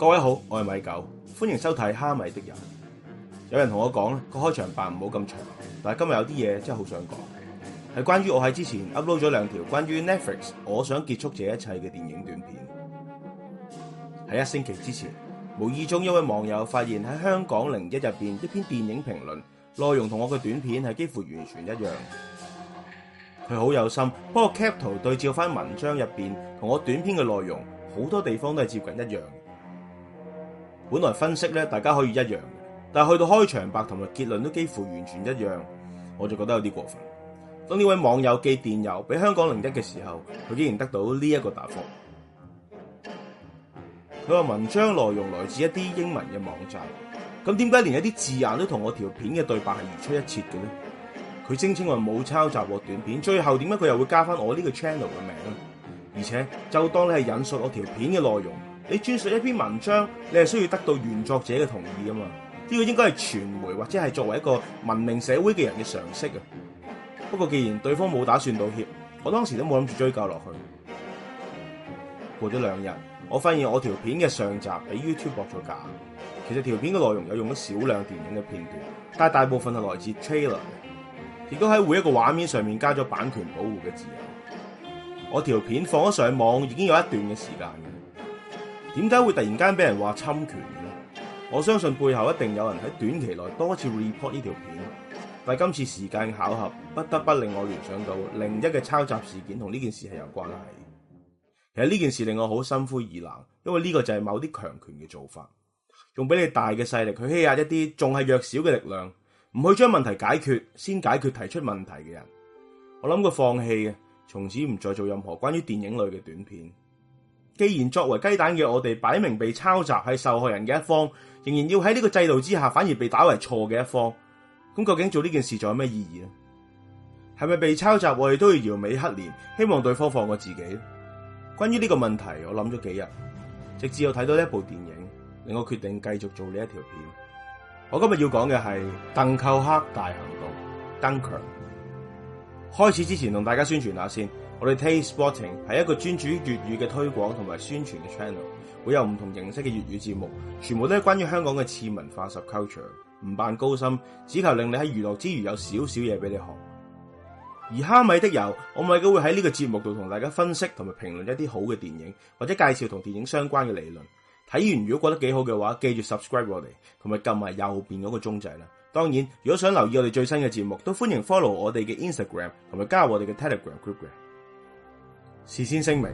各位好，我係米九，歡迎收睇蝦米的油。有人同我講咧，個開場白唔好咁長，但係今日有啲嘢真係好想講，係關於我喺之前 upload 咗兩條關於 Netflix 我想結束這一切嘅電影短片。喺一星期之前，無意中一位網友發現喺香港零一入邊一篇電影評論內容同我嘅短片係幾乎完全一樣。佢好有心，不過 cap 圖對照翻文章入邊同我短片嘅內容，好多地方都係接近一樣。本來分析咧，大家可以一樣，但係去到開場白同埋結論都幾乎完全一樣，我就覺得有啲過分。當呢位網友寄電郵俾香港零一嘅時候，佢竟然得到呢一個答覆佢話文章內容來自一啲英文嘅網站，咁點解連一啲字眼都同我條片嘅對白係如出一轍嘅咧？佢聲稱我冇抄襲過短片，最後點解佢又會加翻我個頻道呢個 channel 嘅名？而且，就當你係引述我條片嘅內容。你轉述一篇文章，你係需要得到原作者嘅同意啊嘛？呢個應該係傳媒或者係作為一個文明社會嘅人嘅常識啊。不過既然對方冇打算道歉，我當時都冇諗住追究落去。過咗兩日，我發現我條片嘅上集俾 YouTube 駁咗假。其實條片嘅內容有用咗少量電影嘅片段，但係大部分係來自 trailer，亦都喺每一個畫面上面加咗版權保護嘅字。我條片放咗上網已經有一段嘅時間。點解會突然間俾人話侵權咧？我相信背後一定有人喺短期內多次 report 呢條片，但今次時間巧合，不得不令我聯想到另一個抄襲事件同呢件事係有關係。其實呢件事令我好心灰意冷，因為呢個就係某啲強權嘅做法，用比你大嘅勢力去欺壓一啲仲係弱小嘅力量，唔去將問題解決，先解決提出問題嘅人。我諗過放棄，從此唔再做任何關於電影類嘅短片。既然作為雞蛋嘅我哋擺明被抄襲係受害人嘅一方，仍然要喺呢個制度之下，反而被打為錯嘅一方，咁究竟做呢件事仲有咩意義呢？係咪被抄襲我哋都要搖尾乞憐，希望對方放過自己？關於呢個問題，我諗咗幾日，直至我睇到呢一部電影，令我決定繼續做呢一條片。我今日要講嘅係《鄧寇克大行動》。Dunkirk 開始之前同大家宣傳下先。我哋 Taste Spotting 係一個專注粵語嘅推廣同埋宣傳嘅 channel，會有唔同形式嘅粵語節目，全部都係關於香港嘅次文化、culture。唔扮高深，只求令你喺娛樂之餘有少少嘢俾你學。而蝦米的油，我咪都會喺呢個節目度同大家分析同埋評論一啲好嘅電影，或者介紹同電影相關嘅理論。睇完如果覺得幾好嘅話，記住 subscribe 我哋，同埋撳埋右邊嗰個鐘仔啦。當然，如果想留意我哋最新嘅節目，都歡迎 follow 我哋嘅 Instagram，同埋加入我哋嘅 Telegram Group gram。事先聲明，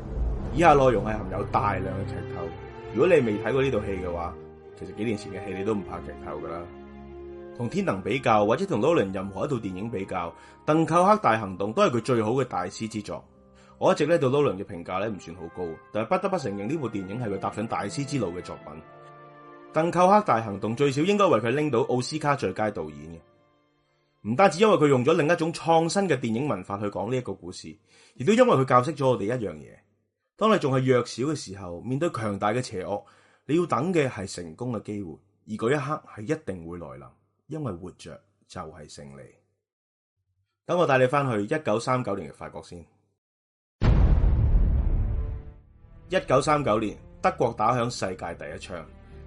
以下內容係含有大量嘅劇透。如果你未睇過呢套戲嘅話，其實幾年前嘅戲你都唔怕劇透㗎喇。同天能比較，或者同路蘭任何一套電影比較，《鄧寇克大行動》都係佢最好嘅大師之作。我一直咧對路蘭嘅評價咧唔算好高，但係不得不承認呢部電影係佢踏上大師之路嘅作品。《鄧寇克大行動》最少應該為佢拎到奧斯卡最佳導演嘅。唔單止因為佢用咗另一種創新嘅電影文化去講呢一個故事，而都因為佢教識咗我哋一樣嘢。當你仲係弱小嘅時候，面對強大嘅邪惡，你要等嘅係成功嘅機會，而嗰一刻係一定會來臨，因為活着就係勝利。等我帶你翻去一九三九年嘅法國先。一九三九年，德國打響世界第一槍，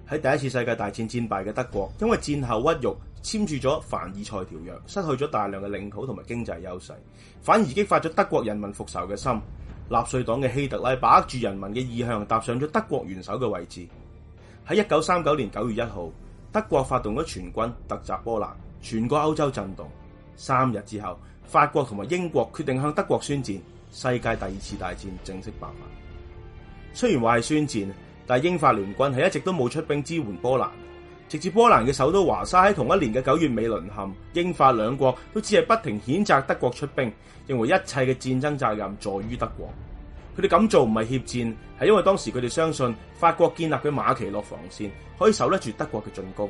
喺第一次世界大戰戰敗嘅德國，因為戰後屈辱，簽署咗凡爾賽條約，失去咗大量嘅領土同埋經濟優勢，反而激發咗德國人民復仇嘅心。納粹黨嘅希特拉把握住人民嘅意向，踏上咗德國元首嘅位置。喺一九三九年九月一號，德國發動咗全軍突襲波蘭，全國歐洲震動。三日之後，法國同埋英國決定向德國宣戰，世界第二次大戰正式爆發。雖然話係宣戰，但英法聯軍係一直都冇出兵支援波蘭。直至波蘭嘅首都華沙喺同一年嘅九月尾淪陷，英法兩國都只係不停譴責德國出兵，認為一切嘅戰爭責任在於德國。佢哋咁做唔係怯戰，係因為當時佢哋相信法國建立佢馬其諾防線可以守得住德國嘅進攻。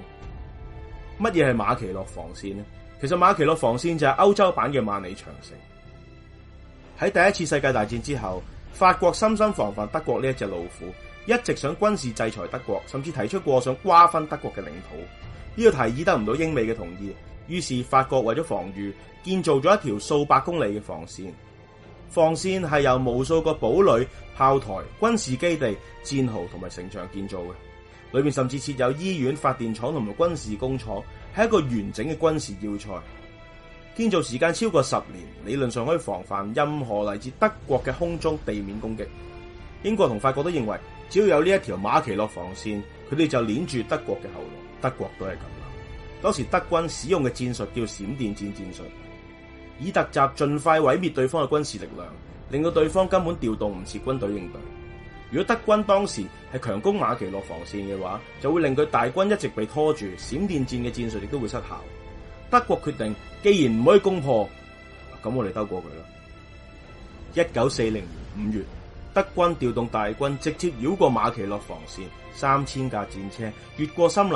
乜嘢係馬其諾防線呢？其實馬其諾防線就係歐洲版嘅萬里長城。喺第一次世界大戰之後，法國深深防範德國呢一隻老虎。一直想軍事制裁德國，甚至提出過想瓜分德國嘅領土。呢個提議得唔到英美嘅同意，於是法國為咗防禦，建造咗一條數百公里嘅防線。防線係由無數個堡壘、炮台、軍事基地、戰壕同埋城牆建造嘅，裏面甚至設有醫院、發電廠同埋軍事工廠，係一個完整嘅軍事要塞。建造時間超過十年，理論上可以防範任何嚟自德國嘅空中、地面攻擊。英國同法國都認為。只要有呢一條馬奇諾防線，佢哋就連住德國嘅喉嚨。德國都係咁啦。當時德軍使用嘅戰術叫閃電戰戰術，以突襲盡快毀滅對方嘅軍事力量，令到對方根本調動唔切軍隊應對。如果德軍當時係強攻馬奇諾防線嘅話，就會令佢大軍一直被拖住。閃電戰嘅戰術亦都會失效。德國決定既然唔可以攻破，咁我哋兜過佢囉。一九四零年五月，德軍調動大軍，直接繞過馬其諾防線，三千架戰車越過森林。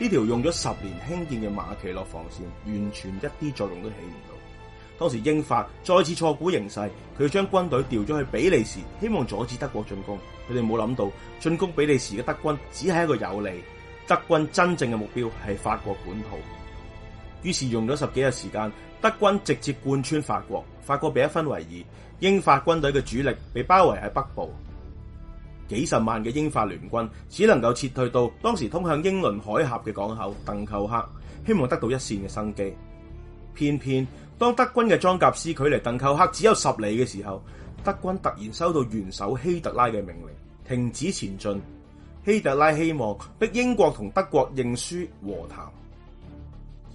呢條用咗十年興建嘅馬其諾防線，完全一啲作用都起唔到。當時英法再次錯估形勢，佢將軍隊調咗去比利時，希望阻止德國進攻。佢哋冇諗到進攻比利時嘅德軍只係一個誘餌。德軍真正嘅目標係法國本土。於是用咗十幾日時間，德軍直接貫穿法國，法國被一分為二。英法軍隊嘅主力被包圍喺北部，幾十萬嘅英法聯軍只能夠撤退到當時通向英倫海峽嘅港口鄧寇克，希望得到一線嘅生機。偏偏當德軍嘅裝甲師距離鄧寇克只有十里嘅時候，德軍突然收到元首希特拉嘅命令，停止前進。希特拉希望逼英國同德國認輸和談，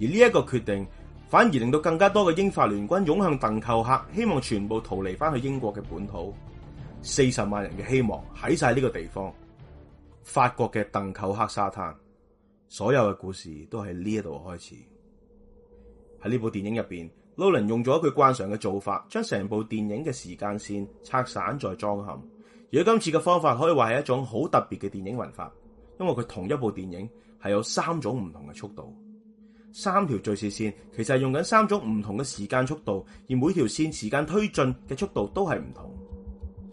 而呢一個決定。反而令到更加多嘅英法聯軍湧向鄧寇克，希望全部逃離翻去英國嘅本土。四十萬人嘅希望喺晒呢個地方，法國嘅鄧寇克沙灘，所有嘅故事都喺呢一度開始。喺呢部電影入邊，Nolan 用咗佢慣常嘅做法，將成部電影嘅時間線拆散再裝嵌。而喺今次嘅方法，可以話係一種好特別嘅電影文法，因為佢同一部電影係有三種唔同嘅速度。三條敘事線其實係用緊三種唔同嘅時間速度，而每條線時間推進嘅速度都係唔同。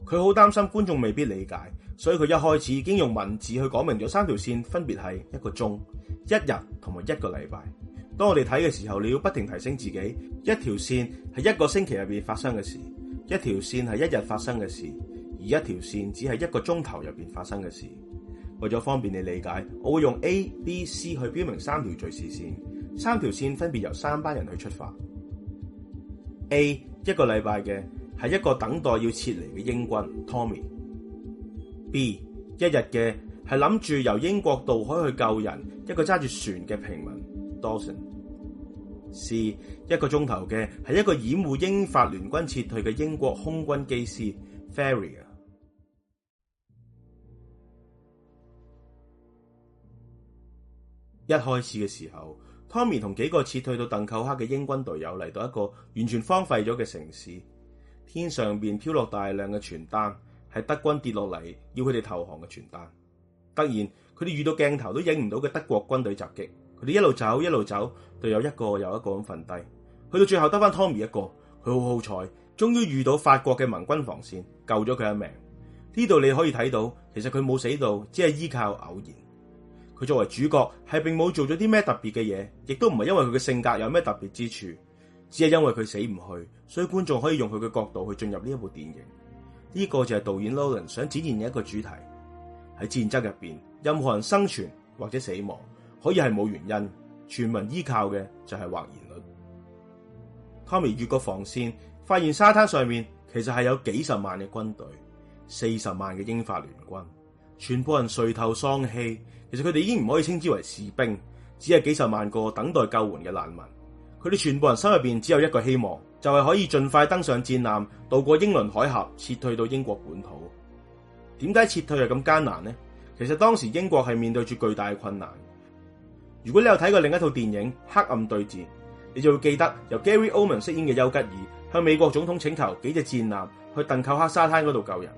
佢好擔心觀眾未必理解，所以佢一開始已經用文字去講明咗三條線分別係一個鐘、一日同埋一個禮拜。當我哋睇嘅時候，你要不停提醒自己，一條線係一個星期入邊發生嘅事，一條線係一日發生嘅事，而一條線只係一個鐘頭入邊發生嘅事。為咗方便你理解，我會用 A、B、C 去標明三條敘事線。三條線分別由三班人去出發。A 一個禮拜嘅係一個等待要撤離嘅英軍 Tommy。B 一日嘅係諗住由英國渡海去救人，一個揸住船嘅平民 Dawson。C 一個鐘頭嘅係一個掩護英法聯軍撤退嘅英國空軍機師 Farrier。一開始嘅時候，Tommy 同幾個撤退到鄧寇克嘅英軍隊友嚟到一個完全荒廢咗嘅城市，天上邊飄落大量嘅傳單，係德軍跌落嚟要佢哋投降嘅傳單。突然佢哋遇到鏡頭都影唔到嘅德國軍隊襲擊，佢哋一路走一路走，隊友一個又一個咁瞓低，去到最後得翻 Tommy 一個，佢好好彩，終於遇到法國嘅盟軍防線，救咗佢一命。呢度你可以睇到，其實佢冇死到，只係依靠偶然。佢作為主角係並冇做咗啲咩特別嘅嘢，亦都唔係因為佢嘅性格有咩特別之處，只係因為佢死唔去，所以觀眾可以用佢嘅角度去進入呢一部電影。呢、這個就係導演諾蘭想展現嘅一個主題：喺戰爭入邊，任何人生存或者死亡可以係冇原因。全民依靠嘅就係或然率。Tommy 越過防線，發現沙灘上面其實係有幾十萬嘅軍隊，四十萬嘅英法聯軍，全部人垂頭喪氣。其實佢哋已經唔可以稱之為士兵，只係幾十萬個等待救援嘅難民。佢哋全部人心入邊只有一個希望，就係可以盡快登上戰艦，渡過英倫海峽，撤退到英國本土。點解撤退係咁艱難呢？其實當時英國係面對住巨大嘅困難。如果你有睇過另一套電影《黑暗對峙》，你就會記得由 Gary Oldman 飾演嘅丘吉爾向美國總統請求幾隻戰艦去鄧寇克沙灘嗰度救人。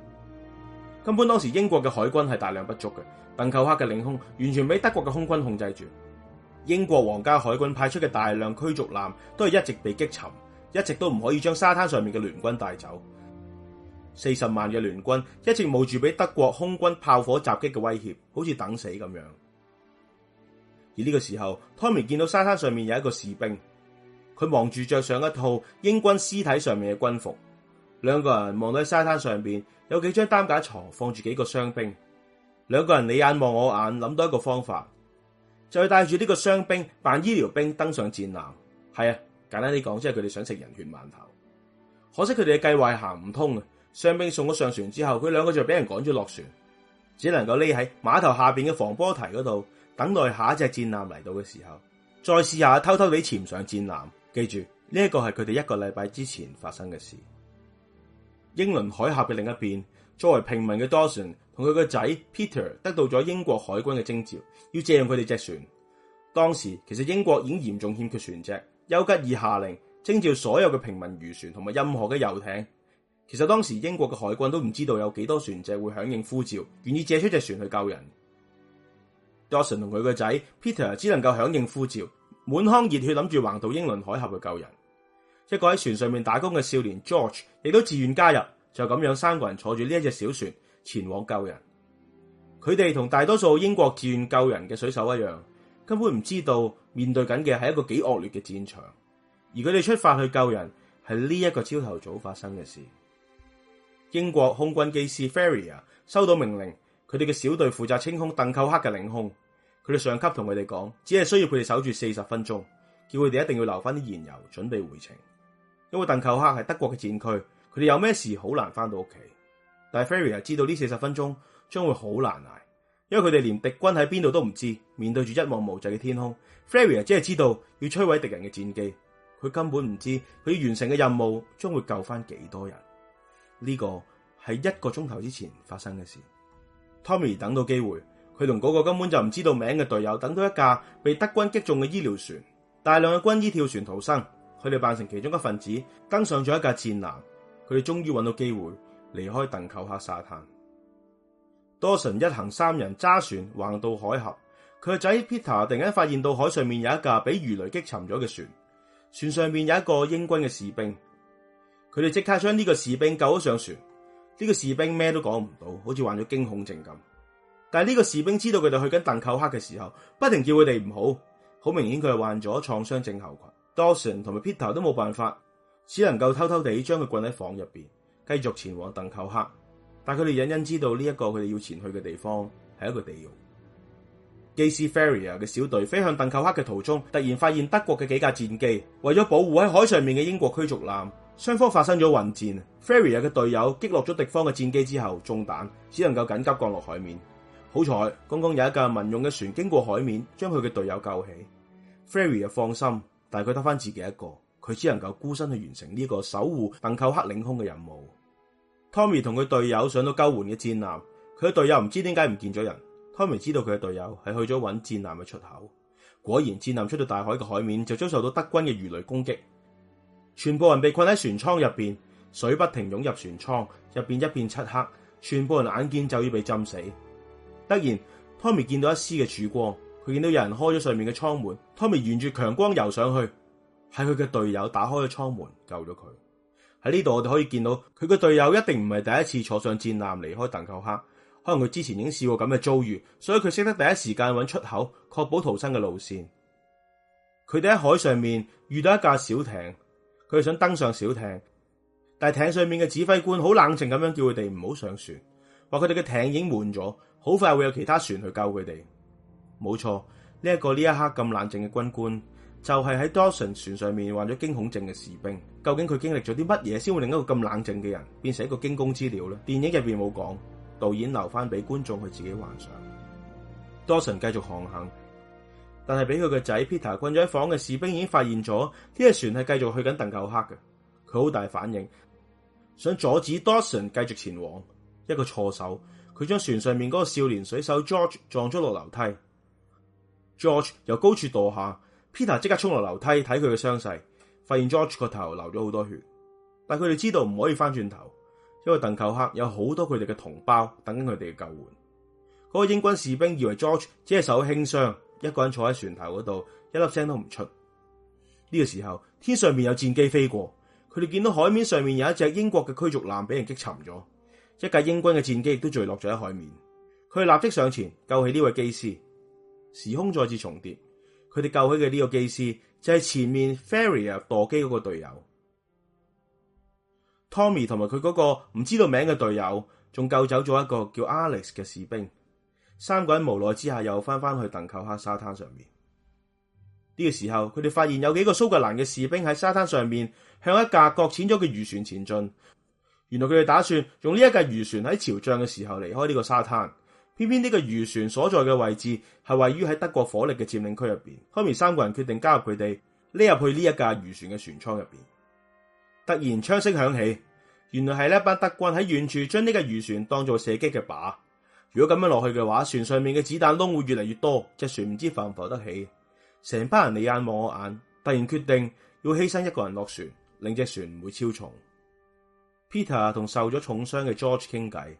根本當時英國嘅海軍係大量不足嘅，鄧寇克嘅領空完全俾德國嘅空軍控制住。英國皇家海軍派出嘅大量驅逐艦都係一直被擊沉，一直都唔可以將沙灘上面嘅聯軍帶走。四十萬嘅聯軍一直冒住俾德國空軍炮火襲擊嘅威脅，好似等死咁樣。而呢個時候，Tommy 見到沙灘上面有一個士兵，佢忙住着上一套英軍屍體上面嘅軍服，兩個人望到喺沙灘上邊。有幾張擔架床放住幾個傷兵，兩個人你眼望我眼，諗到一個方法，就係帶住呢個傷兵扮醫療兵登上戰艦。係啊，簡單啲講，即係佢哋想食人血饅頭。可惜佢哋嘅計劃行唔通啊！傷兵送咗上船之後，佢兩個就俾人趕咗落船，只能夠匿喺碼頭下邊嘅防波堤嗰度，等待下一隻戰艦嚟到嘅時候，再試下偷偷哋潛上戰艦。記住呢一個係佢哋一個禮拜之前發生嘅事。英倫海峽嘅另一邊，作為平民嘅 Dawson 同佢個仔 Peter 得到咗英國海軍嘅徵召，要借用佢哋隻船。當時其實英國已經嚴重欠缺船隻，丘吉爾下令徵召所有嘅平民漁船同埋任何嘅遊艇。其實當時英國嘅海軍都唔知道有幾多船隻會響應呼召，願意借出隻船去救人。Dawson 同佢個仔 Peter 只能夠響應呼召，滿腔熱血諗住橫渡英倫海峽去救人。一個喺船上面打工嘅少年 George 亦都自願加入，就咁樣三個人坐住呢一隻小船前往救人。佢哋同大多數英國自願救人嘅水手一樣，根本唔知道面對緊嘅係一個幾惡劣嘅戰場，而佢哋出發去救人係呢一個朝頭早發生嘅事。英國空軍機師 Feria 收到命令，佢哋嘅小隊負責清空鄧寇克嘅領空。佢哋上級同佢哋講，只係需要佢哋守住四十分鐘，叫佢哋一定要留翻啲燃油準備回程。因為鄧寇克係德國嘅戰區，佢哋有咩事好難翻到屋企。但係 Farrier 知道呢四十分鐘將會好難挨，因為佢哋連敵軍喺邊度都唔知。面對住一望無際嘅天空，Farrier 即係知道要摧毀敵人嘅戰機，佢根本唔知佢要完成嘅任務將會救翻幾多人。呢個係一個鐘頭之前發生嘅事。Tommy 等到機會，佢同嗰個根本就唔知道名嘅隊友等到一架被德軍擊中嘅醫療船，大量嘅軍醫跳船逃生。佢哋扮成其中一份子，登上咗一架戰艦，佢哋終於揾到機會離開鄧寇克沙灘。多神一行三人揸船橫到海峽，佢嘅仔 Peter 突然間發現到海上面有一架畀魚雷擊沉咗嘅船，船上面有一個英軍嘅士兵，佢哋即刻將呢個士兵救咗上船。呢個士兵咩都講唔到，好似患咗驚恐症咁。但係呢個士兵知道佢哋去緊鄧寇克嘅時候，不停叫佢哋唔好。好明顯佢係患咗創傷症候群。Dawson 同埋 Peter 都冇辦法，只能夠偷偷地將佢困喺房入邊，繼續前往鄧寇克。但佢哋隱隱知道呢一個佢哋要前去嘅地方係一個地獄。基斯 Feria 嘅小隊飛向鄧寇克嘅途中，突然發現德國嘅幾架戰機為咗保護喺海上面嘅英國驅逐艦，雙方發生咗混戰。Feria 嘅隊友擊落咗敵方嘅戰機之後中彈，只能夠緊急降落海面。好彩，剛剛有一架民用嘅船經過海面，將佢嘅隊友救起。Feria 放心。但係佢得翻自己一個，佢只能夠孤身去完成呢個守護鄧寇克領空嘅任務。Tommy 同佢隊友上到救援嘅戰艦，佢嘅隊友唔知點解唔見咗人。Tommy 知道佢嘅隊友係去咗揾戰艦嘅出口。果然戰艦出到大海嘅海面，就遭受到德軍嘅魚雷攻擊，全部人被困喺船艙入邊，水不停湧入船艙入邊，入面一片漆黑，全部人眼見就要被浸死。突然，Tommy 見到一絲嘅曙光。佢見到有人開咗上面嘅艙門，湯米沿住強光游上去，喺佢嘅隊友打開咗艙門救咗佢。喺呢度我哋可以見到，佢嘅隊友一定唔係第一次坐上戰艦離開鄧寇克，可能佢之前已經試過咁嘅遭遇，所以佢識得第一時間揾出口，確保逃生嘅路線。佢哋喺海上面遇到一架小艇，佢哋想登上小艇，但係艇上面嘅指揮官好冷靜咁樣叫佢哋唔好上船，話佢哋嘅艇已經滿咗，好快會有其他船去救佢哋。冇錯，呢一個呢一刻咁冷靜嘅軍官，就係喺 Dawson 船上面患咗驚恐症嘅士兵。究竟佢經歷咗啲乜嘢，先會令一個咁冷靜嘅人，變成一個驚弓之鳥咧？電影入邊冇講，導演留翻俾觀眾去自己幻想。Dawson 繼續航行，但係俾佢個仔 Peter 困咗喺房嘅士兵已經發現咗，呢個船係繼續去緊鄧寇克嘅。佢好大反應，想阻止 Dawson 繼續前往。一個錯手，佢將船上面嗰個少年水手 George 撞咗落樓梯。George 由高處墮下，Peter 即刻衝落樓梯睇佢嘅傷勢，發現 George 個頭流咗好多血。但佢哋知道唔可以翻轉頭，因為鄧寇克有好多佢哋嘅同胞等緊佢哋嘅救援。嗰個英軍士兵以為 George 只係受輕傷，一個人坐喺船頭嗰度，一粒聲都唔出。呢、這個時候，天上面有戰機飛過，佢哋見到海面上面有一隻英國嘅驅逐艦俾人擊沉咗，一架英軍嘅戰機亦都墜落咗喺海面。佢立即上前救起呢位機師。時空再次重疊，佢哋救起嘅呢個機師就係、是、前面 Feria 啊，墮機嗰個隊友 Tommy 同埋佢嗰個唔知道名嘅隊友，仲救走咗一個叫 Alex 嘅士兵。三個人無奈之下又翻返去鄧寇克沙灘上面。呢、這個時候，佢哋發現有幾個蘇格蘭嘅士兵喺沙灘上面向一架擱淺咗嘅漁船前進。原來佢哋打算用呢一架漁船喺潮漲嘅時候離開呢個沙灘。偏偏呢個漁船所在嘅位置係位於喺德國火力嘅佔領區入邊，後面三個人決定加入佢哋，匿入去呢一架漁船嘅船艙入邊。突然槍聲響起，原來係呢班德軍喺遠處將呢個漁船當做射擊嘅靶。如果咁樣落去嘅話，船上面嘅子彈窿會越嚟越多，隻船唔知浮唔浮得起。成班人你眼望我眼，突然決定要犧牲一個人落船，令隻船唔會超重。Peter 同受咗重傷嘅 George 傾偈。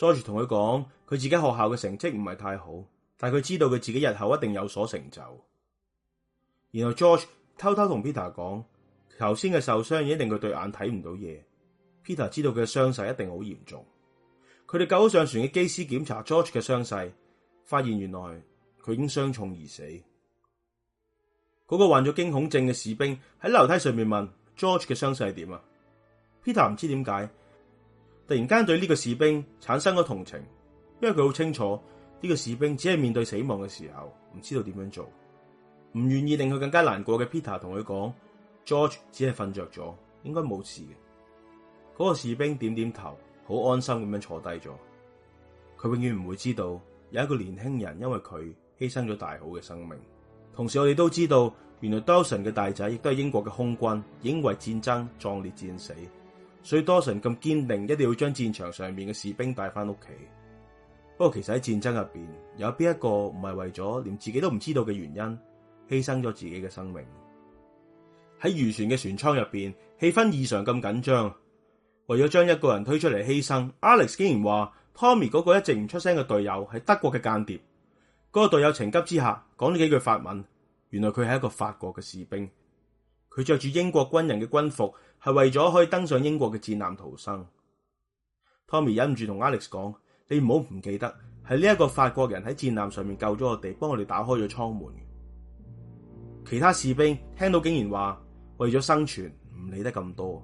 George 同佢講，佢自己學校嘅成績唔係太好，但係佢知道佢自己日後一定有所成就。然後 George 偷偷同 Peter 講，頭先嘅受傷已經令佢對眼睇唔到嘢。Peter 知道佢嘅傷勢一定好嚴重，佢哋救咗上船嘅機師檢查 George 嘅傷勢，發現原來佢已經傷重而死。嗰、那個患咗驚恐症嘅士兵喺樓梯上面問 George 嘅傷勢係點啊？Peter 唔知點解，突然間對呢個士兵產生咗同情，因為佢好清楚呢個士兵只係面對死亡嘅時候唔知道點樣做，唔願意令佢更加難過嘅。Peter 同佢講，George 只係瞓着咗，應該冇事嘅。嗰個士兵點點頭，好安心咁樣坐低咗。佢永遠唔會知道有一個年輕人因為佢犧牲咗大好嘅生命。同時我哋都知道，原來 Dawson 嘅大仔亦都係英國嘅空軍，因為戰爭壯烈戰死。所以多神咁堅定，一定要將戰場上面嘅士兵帶翻屋企。不過其實喺戰爭入邊，有邊一個唔係為咗連自己都唔知道嘅原因，犧牲咗自己嘅生命？喺漁船嘅船艙入邊，氣氛異常咁緊張。為咗將一個人推出嚟犧牲，Alex 竟然話 Tommy 嗰個一直唔出聲嘅隊友係德國嘅間諜。嗰個隊友情急之下講咗幾句法文，原來佢係一個法國嘅士兵。佢着住英國軍人嘅軍服。係為咗可以登上英國嘅戰艦逃生，Tommy 忍唔住同 Alex 講：你唔好唔記得，係呢一個法國人喺戰艦上面救咗我哋，幫我哋打開咗艙門。其他士兵聽到竟然話：為咗生存，唔理得咁多。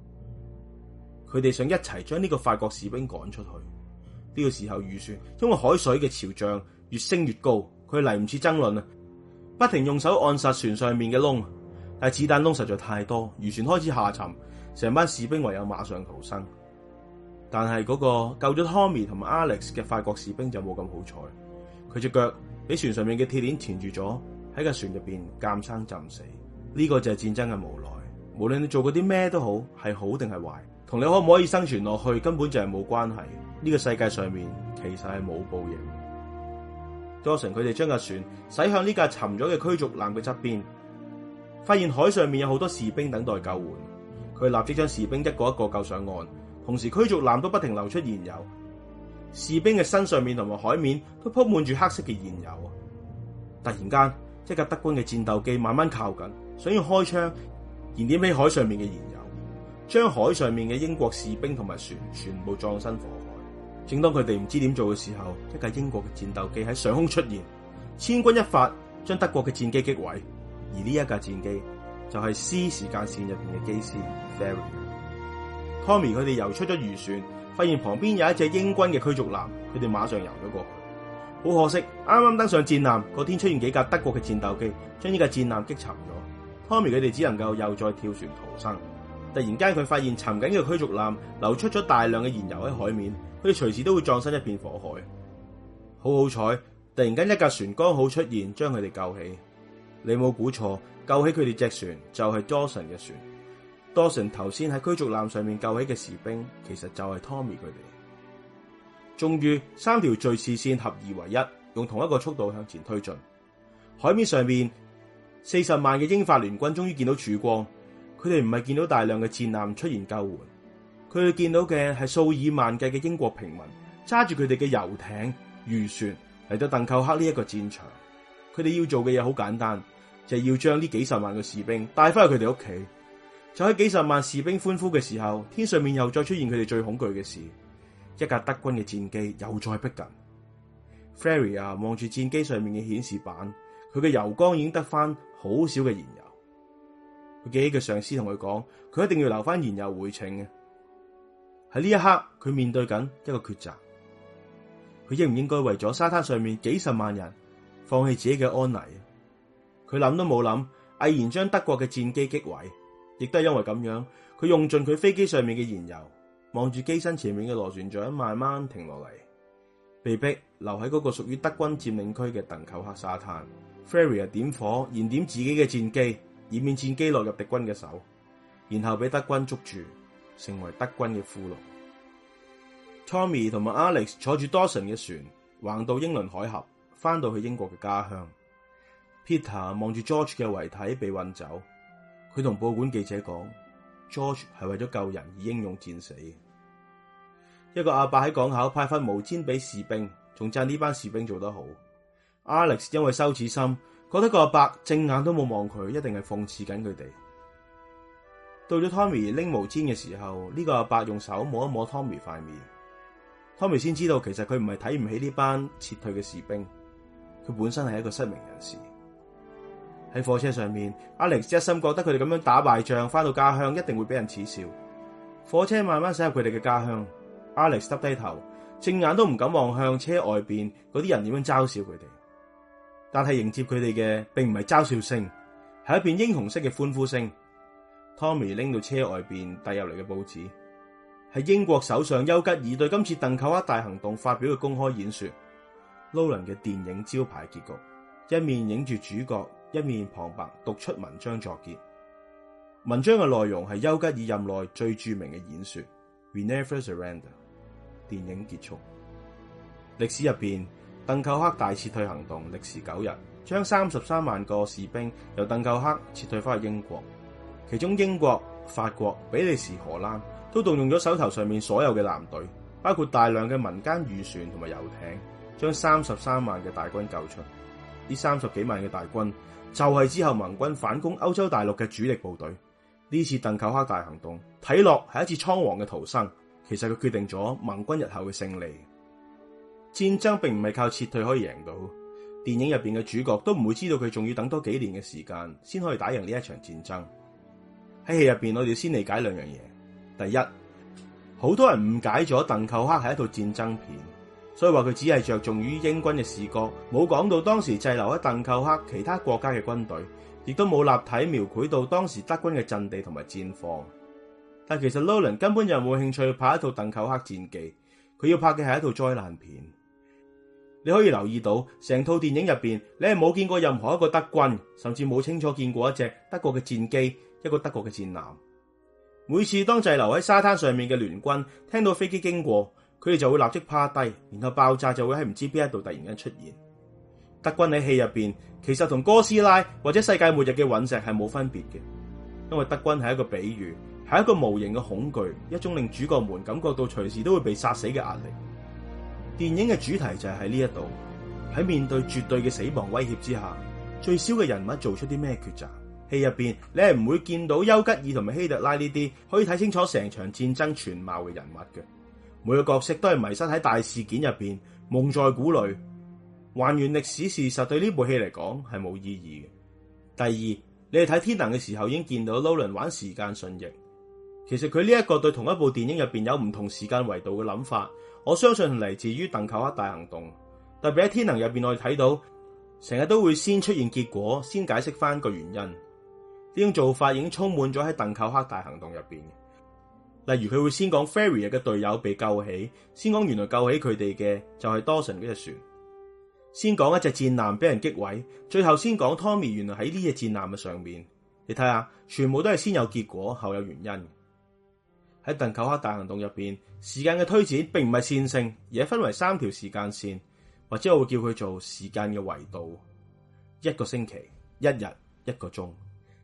佢哋想一齊將呢個法國士兵趕出去。呢、這個時候漁船，因為海水嘅潮漲越升越高，佢嚟唔切爭論啦，不停用手按實船上面嘅窿，但係子彈窿實在太多，漁船開始下沉。成班士兵唯有馬上逃生，但係嗰個救咗 Tommy 同埋 Alex 嘅法國士兵就冇咁好彩，佢隻腳俾船上面嘅鐵鏈纏住咗，喺架船入邊漸生浸死。呢個就係戰爭嘅無奈，無論你做過啲咩都好，係好定係壞，同你可唔可以生存落去根本就係冇關係。呢個世界上面其實係冇報應。多神佢哋將架船駛向呢架沉咗嘅驅逐艦嘅側邊，發現海上面有好多士兵等待救援。佢立即將士兵一個一個救上岸，同時驅逐艦都不停流出燃油。士兵嘅身上面同埋海面都鋪滿住黑色嘅燃油。突然間，一架德軍嘅戰鬥機慢慢靠近，想要開槍燃點起海上面嘅燃油，將海上面嘅英國士兵同埋船全部葬身火海。正當佢哋唔知點做嘅時候，一架英國嘅戰鬥機喺上空出現，千鈞一髮，將德國嘅戰機擊毀。而呢一架戰機，就係 C 時間線入邊嘅機師 Ferry，Tommy 佢哋游出咗漁船，發現旁邊有一隻英軍嘅驅逐艦，佢哋馬上游咗過去。好可惜，啱啱登上戰艦嗰天出現幾架德國嘅戰鬥機，將呢架戰艦擊沉咗。Tommy 佢哋只能夠又再跳船逃生。突然間佢發現沉緊嘅驅逐艦流出咗大量嘅燃油喺海面，佢哋隨時都會葬身一片火海。好好彩，突然間一架船剛好出現，將佢哋救起。你冇估錯，救起佢哋隻船就係 Dawson 嘅船。Dawson 頭先喺驅逐艦上面救起嘅士兵，其實就係 Tommy 佢哋。終於三條敘事線合二為一，用同一個速度向前推進。海面上面四十萬嘅英法聯軍終於見到曙光。佢哋唔係見到大量嘅戰艦出現救援，佢哋見到嘅係數以萬計嘅英國平民揸住佢哋嘅遊艇、漁船嚟到鄧寇克呢一個戰場。佢哋要做嘅嘢好簡單。就要將呢幾十萬嘅士兵帶翻去佢哋屋企。就喺幾十萬士兵歡呼嘅時候，天上面又再出現佢哋最恐懼嘅事：一架德軍嘅戰機又再逼近。Farrier 啊，望住戰機上面嘅顯示板，佢嘅油缸已經得翻好少嘅燃油。佢記起佢上司同佢講，佢一定要留翻燃油回程嘅。喺呢一刻，佢面對緊一個抉擇：佢應唔應該為咗沙灘上面幾十萬人，放棄自己嘅安危？佢諗都冇諗，毅然將德國嘅戰機擊毀，亦都係因為咁樣，佢用盡佢飛機上面嘅燃油，望住機身前面嘅螺旋槳慢慢停落嚟，被逼留喺嗰個屬於德軍佔領區嘅鄧寇克沙灘。Ferry 點火燃點自己嘅戰機，以免戰機落入敵軍嘅手，然後俾德軍捉住，成為德軍嘅俘虜。Tommy 同埋 Alex 坐住 Dawson 嘅船，橫渡英倫海峽，翻到去英國嘅家鄉。Peter 望住 George 嘅遺體被運走，佢同報館記者講：George 係為咗救人而英勇戰死。一個阿伯喺港口派翻毛毯俾士兵，仲讚呢班士兵做得好。Alex 因為羞恥心，覺得個阿伯正眼都冇望佢，一定係諷刺緊佢哋。到咗 Tommy 拎毛毯嘅時候，呢個阿伯用手摸一摸 Tommy 塊面，Tommy 先知道其實佢唔係睇唔起呢班撤退嘅士兵，佢本身係一個失明人士。喺火車上面，Alex 一心覺得佢哋咁樣打敗仗，翻到家鄉一定會俾人恥笑。火車慢慢駛入佢哋嘅家鄉，Alex 耷低頭，正眼都唔敢望向車外邊嗰啲人點樣嘲笑佢哋。但係迎接佢哋嘅並唔係嘲笑聲，係一片英雄式嘅歡呼聲。Tommy 拎到車外邊遞入嚟嘅報紙，係英國首相丘吉爾對今次鄧寇克大行動發表嘅公開演說。Nolan 嘅電影招牌結局，一面影住主角。一面旁白讀出文章作結，文章嘅內容係丘吉爾任內最著名嘅演說。Renefer s u r a n d e r 電影結束，歷史入邊，鄧寇克大撤退行動歷時九日，將三十三萬個士兵由鄧寇克撤退翻去英國，其中英國、法國、比利時、荷蘭都動用咗手頭上面所有嘅艦隊，包括大量嘅民間漁船同埋遊艇，將三十三萬嘅大軍救出。呢三十幾萬嘅大軍，就係之後盟軍反攻歐洲大陸嘅主力部隊，呢次鄧寇克大行動睇落係一次倉皇嘅逃生，其實佢決定咗盟軍日後嘅勝利。戰爭並唔係靠撤退可以贏到，電影入邊嘅主角都唔會知道佢仲要等多幾年嘅時間先可以打贏呢一場戰爭。喺戲入邊，我哋先理解兩樣嘢：第一，好多人誤解咗鄧寇克係一套戰爭片。所以話佢只係着重於英軍嘅視覺，冇講到當時滯留喺鄧寇克其他國家嘅軍隊，亦都冇立體描繪到當時德軍嘅陣地同埋戰況。但其實 Nolan 根本就冇興趣去拍一套鄧寇克戰記，佢要拍嘅係一套災難片。你可以留意到成套電影入邊，你係冇見過任何一個德軍，甚至冇清楚見過一隻德國嘅戰機，一個德國嘅戰艦。每次當滯留喺沙灘上面嘅聯軍聽到飛機經過，佢哋就會立即趴低，然後爆炸就會喺唔知邊一度突然間出現。德軍喺戲入邊，其實同哥斯拉或者世界末日嘅隕石係冇分別嘅，因為德軍係一個比喻，係一個無形嘅恐懼，一種令主角們感覺到隨時都會被殺死嘅壓力。電影嘅主題就係喺呢一度，喺面對絕對嘅死亡威脅之下，最少嘅人物做出啲咩抉擇？戲入邊你係唔會見到丘吉爾同埋希特拉呢啲可以睇清楚成場戰爭全貌嘅人物嘅。每個角色都係迷失喺大事件入邊，蒙在鼓裏。還原歷史事實對呢部戲嚟講係冇意義嘅。第二，你哋睇天能嘅時候已經見到 Nolan 玩時間順逆，其實佢呢一個對同一部電影入邊有唔同時間維度嘅諗法，我相信嚟自於鄧寇克大行動，特別喺天能入邊我哋睇到，成日都會先出現結果，先解釋翻個原因。呢種做法已經充滿咗喺鄧寇克大行動入邊。例如佢會先講 Farrier 嘅隊友被救起，先講原來救起佢哋嘅就係 Dawson 呢隻船，先講一隻戰艦俾人擊毀，最後先講 Tommy 原來喺呢隻戰艦嘅上面。你睇下，全部都係先有結果後有原因。喺鄧寇克大行動入邊，時間嘅推展並唔係線性，而係分為三條時間線，或者我會叫佢做時間嘅維度。一個星期、一日、一個鐘，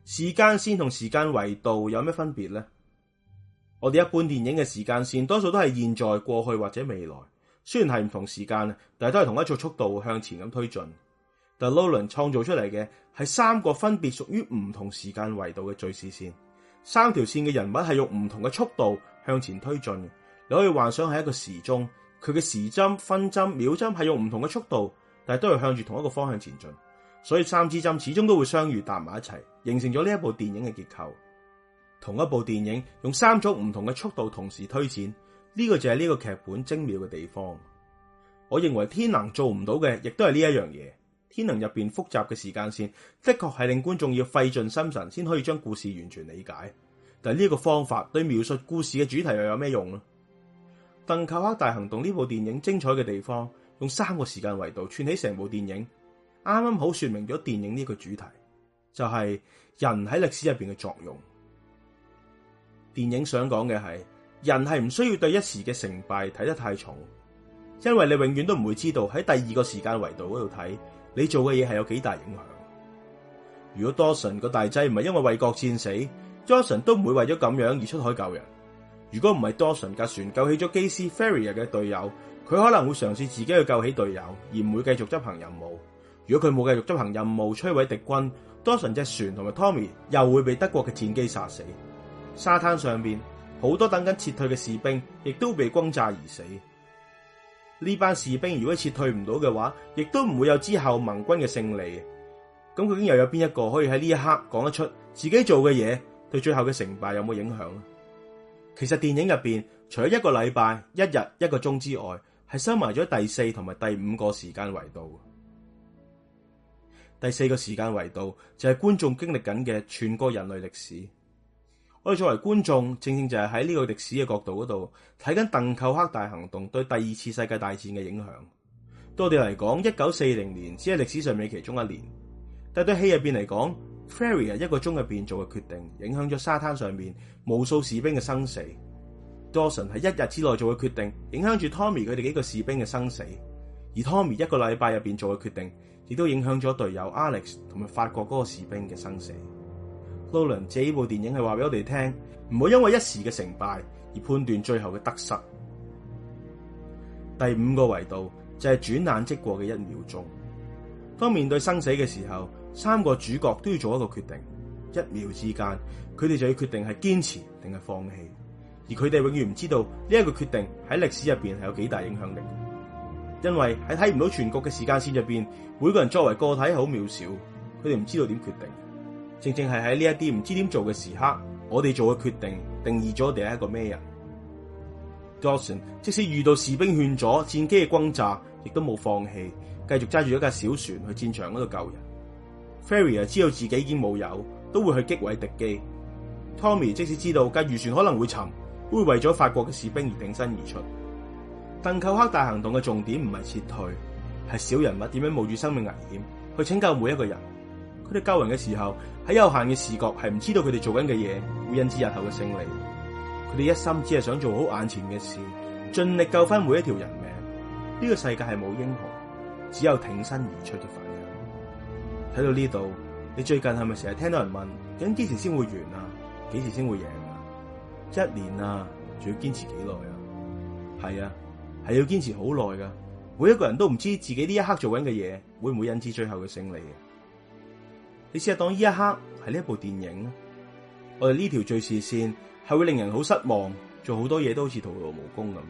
時間線同時間維度有咩分別咧？我哋一般電影嘅時間線，多數都係現在、過去或者未來，雖然係唔同時間，但係都係同一種速度向前咁推進。但 Nolan 創造出嚟嘅係三個分別屬於唔同時間維度嘅敘事線，三條線嘅人物係用唔同嘅速度向前推進。你可以幻想係一個時鐘，佢嘅時針、分針、秒針係用唔同嘅速度，但係都係向住同一個方向前進，所以三支針始終都會相遇搭埋一齊，形成咗呢一部電影嘅結構。同一部電影用三種唔同嘅速度同時推展，呢、這個就係呢個劇本精妙嘅地方。我認為天能做唔到嘅，亦都係呢一樣嘢。天能入邊複雜嘅時間線，的確係令觀眾要費盡心神先可以將故事完全理解。但呢個方法對描述故事嘅主題又有咩用呢？《鄧寇克大行動》呢部電影精彩嘅地方，用三個時間維度串起成部電影，啱啱好說明咗電影呢個主題，就係、是、人喺歷史入邊嘅作用。電影想講嘅係，人係唔需要對一時嘅成敗睇得太重，因為你永遠都唔會知道，喺第二個時間維度嗰度睇，你做嘅嘢係有幾大影響。如果多神個大仔唔係因為為國戰死，多神都唔會為咗咁樣而出海救人。如果唔係多神架船救起咗機師 Faria 嘅隊友，佢可能會嘗試自己去救起隊友，而唔會繼續執行任務。如果佢冇繼續執行任務，摧毀敵軍，多神隻船同埋 Tommy 又會被德國嘅戰機殺死。沙灘上邊好多等緊撤退嘅士兵，亦都被轟炸而死。呢班士兵如果撤退唔到嘅話，亦都唔會有之後盟軍嘅勝利。咁、嗯、究竟又有邊一個可以喺呢一刻講得出自己做嘅嘢對最後嘅成敗有冇影響？其實電影入邊除咗一個禮拜、一日、一個鐘之外，係收埋咗第四同埋第五個時間維度。第四個時間維度就係、是、觀眾經歷緊嘅全個人類歷史。我哋作為觀眾，正正就係喺呢個歷史嘅角度嗰度睇緊鄧寇克大行動對第二次世界大戰嘅影響。對我哋嚟講，一九四零年只係歷史上面其中一年，但對戲入邊嚟講，Farrier 係一個鐘入邊做嘅決定，影響咗沙灘上面無數士兵嘅生死；Dawson 係一日之內做嘅決定，影響住 Tommy 佢哋幾個士兵嘅生死；而 Tommy 一個禮拜入邊做嘅決定，亦都影響咗隊友 Alex 同埋法國嗰個士兵嘅生死。《諾蘭》借呢部電影係話俾我哋聽，唔好因為一時嘅成敗而判斷最後嘅得失。第五個維度就係轉眼即過嘅一秒鐘。當面對生死嘅時候，三個主角都要做一個決定。一秒之間，佢哋就要決定係堅持定係放棄。而佢哋永遠唔知道呢一個決定喺歷史入邊係有幾大影響力。因為喺睇唔到全局嘅時間線入邊，每個人作為個體好渺小，佢哋唔知道點決定。正正係喺呢一啲唔知點做嘅時刻，我哋做嘅決定定義咗我哋係一個咩人？Dawson 即使遇到士兵勸阻、戰機嘅轟炸，亦都冇放棄，繼續揸住一架小船去戰場嗰度救人。Farrier 知道自己已經冇油，都會去擊毀敵機。Tommy 即使知道架漁船可能會沉，都會為咗法國嘅士兵而挺身而出。鄧寇克大行動嘅重點唔係撤退，係小人物點樣冒住生命危險去拯救每一個人。佢哋救人嘅時候，喺有限嘅視覺係唔知道佢哋做緊嘅嘢會引致日後嘅勝利。佢哋一心只係想做好眼前嘅事，盡力救翻每一條人命。呢個世界係冇英雄，只有挺身而出嘅凡人。睇到呢度，你最近係咪成日聽到人問：咁幾時先會完啊？幾時先會贏啊？一年啊，仲要堅持幾耐啊？係啊，係要堅持好耐噶。每一個人都唔知自己呢一刻做緊嘅嘢會唔會引致最後嘅勝利啊。你試下當呢一刻係呢一部電影，我哋呢條敘事線係會令人好失望，做好多嘢都好似徒勞無功咁樣。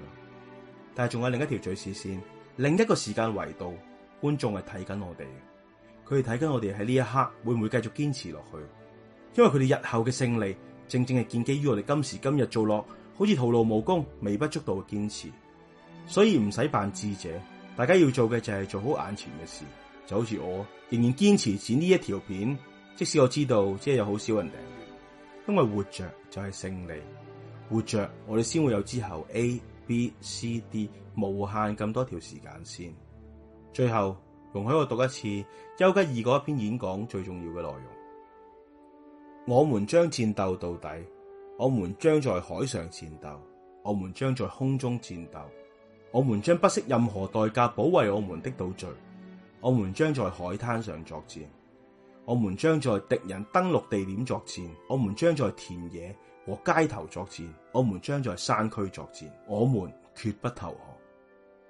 但係仲有另一條敘事線，另一個時間維度，觀眾係睇緊我哋，佢哋睇緊我哋喺呢一刻會唔會繼續堅持落去？因為佢哋日後嘅勝利，正正係建基於我哋今時今日做落，好似徒勞無功、微不足道嘅堅持。所以唔使扮智者，大家要做嘅就係做好眼前嘅事。就好似我仍然堅持剪呢一條片，即使我知道即係有好少人訂閱，因為活着就係勝利，活着我哋先會有之後 A、B、C、D 無限咁多條時間線。最後容許我讀一次丘吉爾嗰一篇演講最重要嘅內容：我們將戰鬥到底，我們將在海上戰鬥，我們將在空中戰鬥，我們將不惜任何代價保衛我們的島嶼。我們將在海灘上作戰，我們將在敵人登陸地點作戰，我們將在田野和街頭作戰，我們將在山區作戰，我們絕不投降，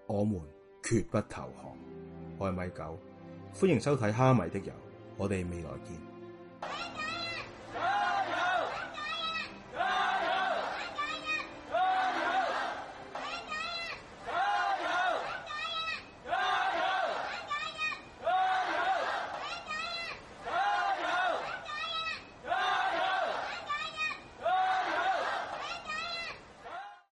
我們絕不投降。我係米狗，歡迎收睇蝦米的油，我哋未來見。